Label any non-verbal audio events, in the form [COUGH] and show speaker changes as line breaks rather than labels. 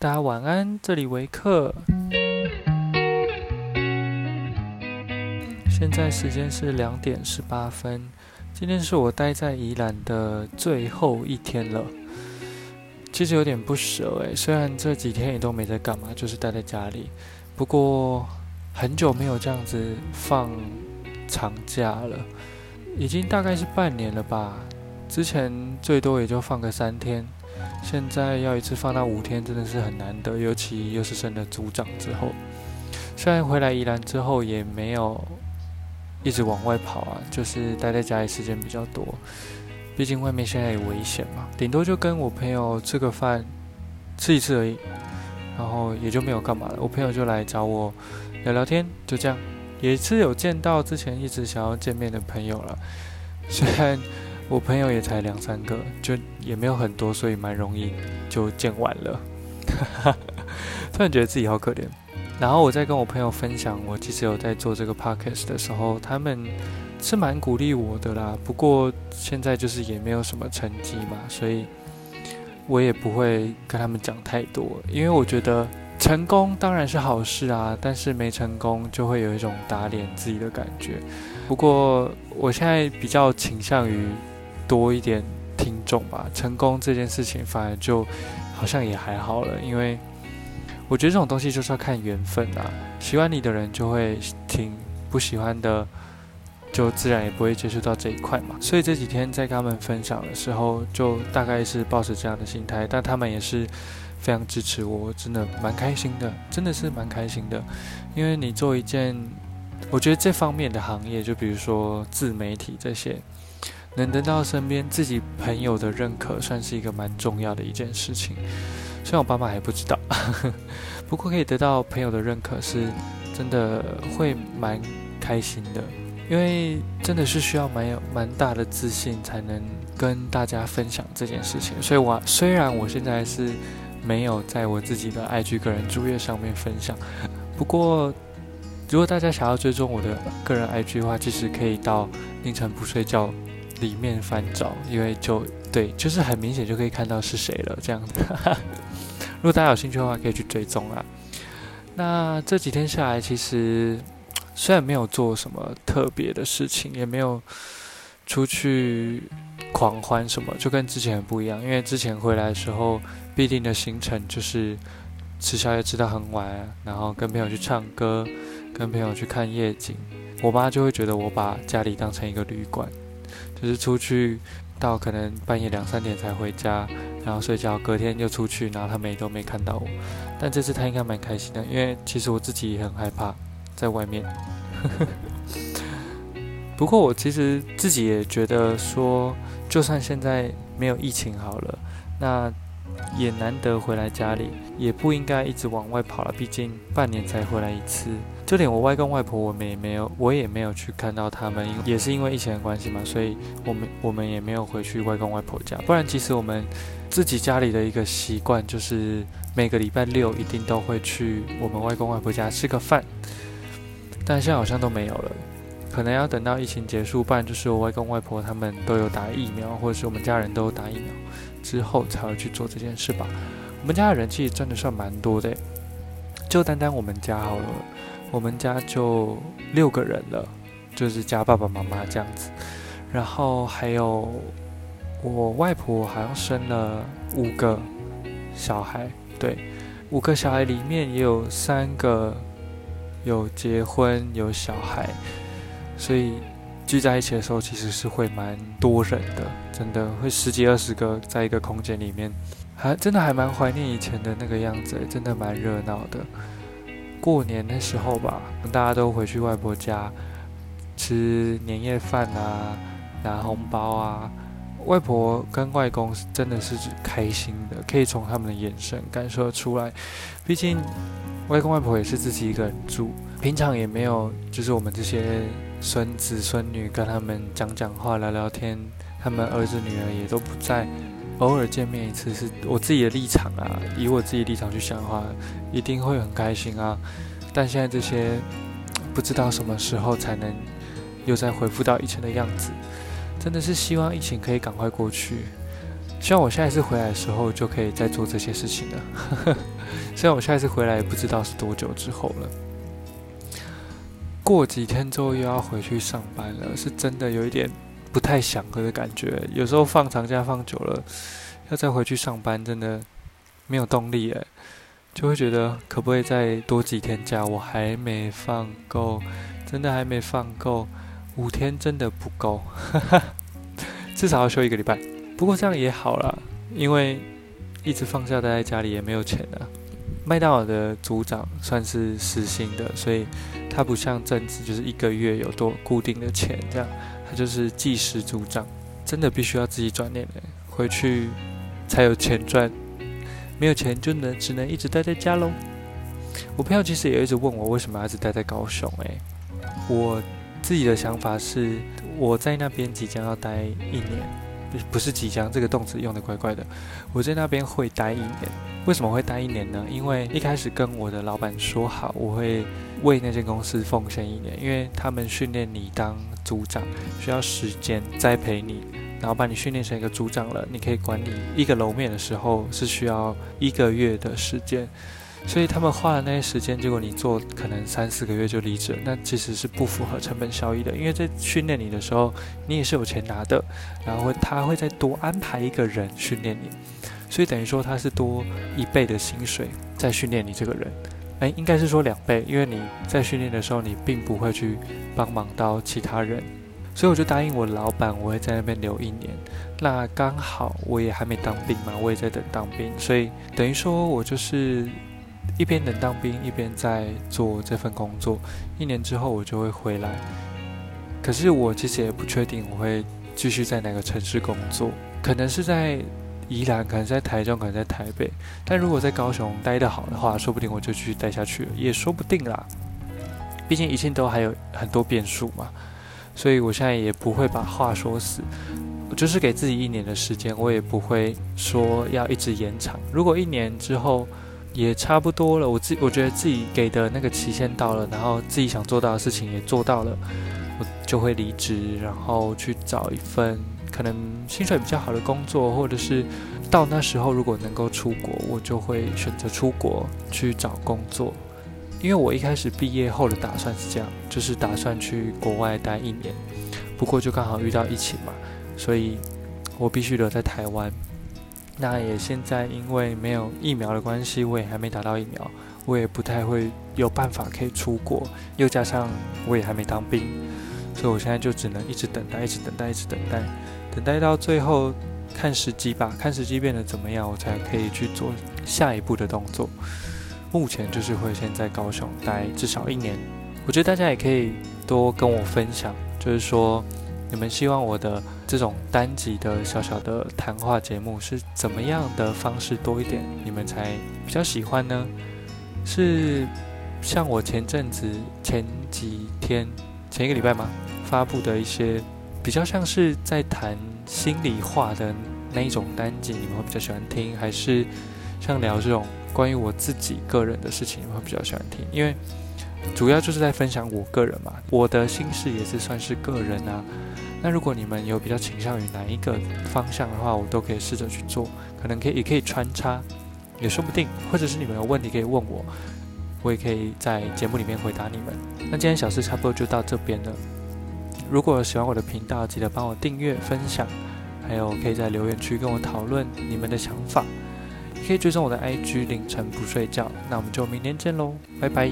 大家晚安，這裡維克。現在時間是兩點十八分，今天是我待在宜蘭的最後一天了，其實有點不捨誒、欸，雖然這幾天也都沒在幹嘛，就是待在家裡，不過很久沒有這樣子放長假了，已經大概是半年了吧。之前最多也就放個三天。現在要一次放到五天真的是很難得，尤其又是升了組長之後。雖然回來宜蘭之後也沒有一直往外跑啊，就是待在家裡時間比較多。畢竟外面現在也危險嘛，頂多就跟我朋友吃個飯，吃一次而已，然後也就沒有幹嘛了。我朋友就來找我聊聊天，就這樣，也是有見到之前一直想要見面的朋友了。雖然。我朋友也才兩三個，就也沒有很多，所以蠻容易就見完了。 [LAUGHS] 突然覺得自己好可憐。然後我在跟我朋友分享，我其實有在做這個 podcast 的時候，他們是蠻鼓勵我的啦。不過現在就是也沒有什麼成績嘛，所以我也不會跟他們講太多，因為我覺得成功當然是好事啊，但是沒成功就會有一種打臉自己的感覺。不過我現在比較傾向於。多一點聽眾吧，成功這件事情反而就，好像也還好了，因為我覺得這種東西就是要看緣分啊，喜歡你的人就會聽，不喜歡的，就自然也不會接觸到這一塊嘛。所以這幾天在跟他們分享的時候，就大概是抱着這樣的心態，但他們也是非常支持我，真的蠻開心的，真的是蠻開心的，因為你做一件，我覺得這方面的行業，就比如說自媒體這些。能得到身邊自己朋友的認可，算是一個蠻重要的一件事情。雖然我爸媽還不知道呵呵，不過可以得到朋友的認可，是真的會蠻開心的。因為真的是需要蠻有蠻大的自信，才能跟大家分享這件事情。所以我雖然我現在是沒有在我自己的 IG 個人主頁上面分享，不過如果大家想要追蹤我的個人 IG 的話，其實可以到凌晨不睡覺裡面翻找，因為就對，就是很明顯就可以看到是誰了。這樣子， [LAUGHS] 如果大家有興趣的話，可以去追蹤啦。那這幾天下來，其實雖然沒有做什麼特別的事情，也沒有出去狂歡什麼，就跟之前很不一樣。因為之前回來的時候，必定的行程就是吃宵夜吃到很晚，然後跟朋友去唱歌，跟朋友去看夜景。我媽就會覺得我把家裡當成一個旅館。就是出去到可能半夜兩三點才回家，然後睡覺，隔天就出去，然後他們也都沒看到我。但這次他應該蠻開心的，因為其實我自己也很害怕在外面。 [LAUGHS] 不過我其實自己也覺得說，就算現在沒有疫情好了，那也難得回來家裡，也不應該一直往外跑了，畢竟半年才回來一次。就連我外公外婆我們也沒有，我也沒有去看到他們，因也是因為疫情的關係嘛，所以我們我們也沒有回去外公外婆家。不然其實我們自己家裡的一個習慣就是每個禮拜六一定都會去我們外公外婆家吃個飯，但現在好像都沒有了，可能要等到疫情結束，不然就是我外公外婆他們都有打疫苗，或者是我們家人都有打疫苗之後才會去做這件事吧。我們家的人氣真的算蠻多的，欸，就單單我們家好了。我們家就六個人了，就是加爸爸媽媽這樣子，然後還有我外婆，好像生了五個小孩。對，五個小孩裡面也有三個有結婚有小孩，所以聚在一起的時候其實是會蠻多人的，真的會十幾二十個在一個空間裡面，還真的還蠻懷念以前的那個樣子，真的蠻熱鬧的。過年的時候吧，大家都回去外婆家吃年夜飯啊，拿紅包啊。外婆跟外公真的是開心的，可以從他們的眼神感受出來。畢竟外公外婆也是自己一個人住，平常也沒有就是我們這些孫子孫女跟他們講講話、聊聊天，他們兒子女兒也都不在。偶爾見面一次，是我自己的立場啊，以我自己立場去想的話，一定會很開心啊。但現在這些不知道什麼時候才能又再恢復到以前的樣子，真的是希望疫情可以趕快過去，希望我下一次回來的時候就可以再做這些事情了。 [LAUGHS] 雖然我下一次回來也不知道是多久之後了，過幾天之後又要回去上班了，是真的有一點。不太想喝的感覺，有時候放長假放久了，要再回去上班真的沒有動力誒，就會覺得可不可以再多幾天假？我還沒放夠，真的還沒放夠，五天真的不夠，至少要休一個禮拜。不過這樣也好了，因為一直放假待在家裡也沒有錢啊。麥當勞的組長算是實心的時薪的，所以他不像正職，就是一個月有多固定的錢這樣。他就是計時組長，真的必須要自己轉念的回去才有錢賺，沒有錢就能只能一直待在家嘍。我朋友其實也一直問我為什麼要一直待在高雄，哎，我自己的想法是我在那邊即將要待一年。不是即將這個動詞用得怪怪的。我在那邊會待一年，為什麼會待一年呢？因為一開始跟我的老板說好，我會為那間公司奉獻一年，因為他們訓練你當組長需要時間栽培你，然後把你訓練成一個組長了，你可以管理一個樓面的時候是需要一個月的時間。所以他們花了那些時間，結果你做可能三四個月就離職，那其實是不符合成本效益的。因為在訓練你的時候，你也是有錢拿的，然後他會再多安排一個人訓練你，所以等於說他是多一倍的薪水在訓練你這個人。誒、哎，應該是說兩倍，因為你在訓練的時候你並不會去幫忙到其他人，所以我就答應我老闆，我會在那邊留一年。那剛好我也還沒當兵嘛，我也在等當兵，所以等於說我就是。一邊能當兵，一邊在做這份工作。一年之後我就會回來，可是我其實也不確定我會繼續在哪個城市工作，可能是在宜蘭，可能在台中，可能在台北。但如果在高雄待得好的話，說不定我就繼續待下去了，也說不定啦。畢竟一切都還有很多變數嘛，所以我現在也不會把話說死。我就是給自己一年的時間，我也不會說要一直延長。如果一年之後，也差不多了，我自我覺得自己給的那個期限到了，然後自己想做到的事情也做到了，我就會離職，然後去找一份可能薪水比較好的工作，或者是到那時候如果能夠出國，我就會選擇出國去找工作。因為我一開始畢業後的打算是這樣，就是打算去國外待一年，不過就剛好遇到疫情嘛，所以我必須留在台灣。那也現在因為沒有疫苗的關係，我也還沒打到疫苗，我也不太會有辦法可以出國，又加上我也還沒當兵，所以我現在就只能一直等待，一直等待，一直等待，等待到最後看時機吧，看時機變得怎麼樣，我才可以去做下一步的動作。目前就是會先在高雄待至少一年，我覺得大家也可以多跟我分享，就是說你們希望我的。這種單集的小小的談話節目是怎麼樣的方式多一點，你們才比較喜歡呢？是像我前陣子，前幾天，前一個禮拜嘛，發布的一些比較像是在談心裡話的那一種單集，你們會比較喜歡聽？還是像聊這種關於我自己個人的事情，你們會比較喜歡聽？因為主要就是在分享我個人嘛，我的心事也是算是個人啊。那如果你們有比較傾向於哪一個方向的話，我都可以試着去做，可能可以也可以穿插，也說不定，或者是你們有問題可以問我，我也可以在節目裡面回答你們。那今天小事差不多就到這邊了。如果有喜歡我的頻道，記得幫我訂閱、分享，還有可以在留言區跟我討論你們的想法，也可以追蹤我的 IG 凌晨不睡覺。那我們就明天見嘍，拜拜。